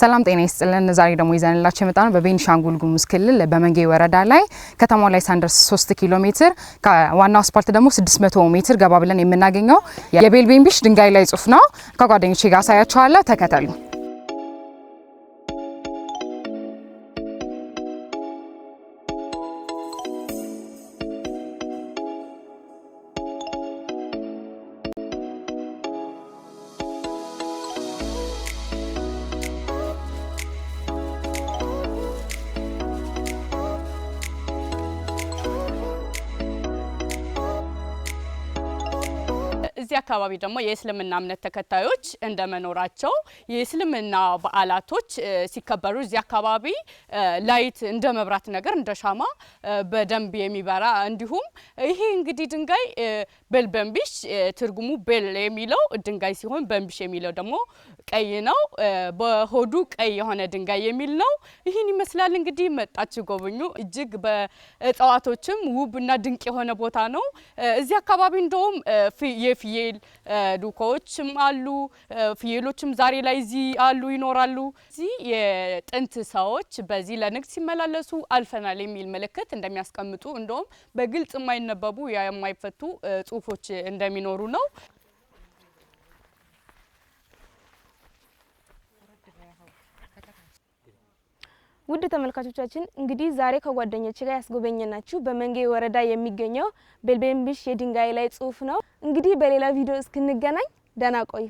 ሰላም ጤና ይስጥልን። ዛሬ ደግሞ ይዘንላችሁ የመጣነው በቤኒሻንጉል ጉሙዝ ክልል በመንጌ ወረዳ ላይ ከተማው ላይ ሳንደርስ 3 ኪሎ ሜትር ከዋናው አስፓልት ደግሞ 600 ሜትር ገባ ብለን የምናገኘው የቤልቤምቢሽ ድንጋይ ላይ ጽሁፍ ነው። ከጓደኞቼ ጋር አሳያችኋለሁ። ተከተሉ። እዚህ አካባቢ ደግሞ የእስልምና እምነት ተከታዮች እንደመኖራቸው የእስልምና በዓላቶች ሲከበሩ እዚህ አካባቢ ላይት እንደ መብራት ነገር እንደ ሻማ በደንብ የሚበራ እንዲሁም ይሄ እንግዲህ ድንጋይ ቤል በንቢሽ ትርጉሙ ቤል የሚለው ድንጋይ ሲሆን በንቢሽ የሚለው ደግሞ ቀይ ነው። በሆዱ ቀይ የሆነ ድንጋይ የሚል ነው። ይህን ይመስላል እንግዲህ መጣችሁ ጎብኙ። እጅግ በእጽዋቶችም ውብና ድንቅ የሆነ ቦታ ነው። እዚህ አካባቢ እንደውም የፍየ ፍየል ዱካዎችም አሉ። ፍየሎችም ዛሬ ላይ እዚህ አሉ ይኖራሉ። እዚህ የጥንት ሰዎች በዚህ ለንግድ ሲመላለሱ አልፈናል የሚል ምልክት እንደሚያስቀምጡ እንደውም በግልጽ የማይነበቡ የማይፈቱ ጽሁፎች እንደሚኖሩ ነው። ውድ ተመልካቾቻችን እንግዲህ ዛሬ ከጓደኞች ጋር ያስጎበኘናችሁ በመንጌ ወረዳ የሚገኘው ቤልቤምብሽ የድንጋይ ላይ ጽሁፍ ነው። እንግዲህ በሌላ ቪዲዮ እስክንገናኝ ደህና ቆዩ።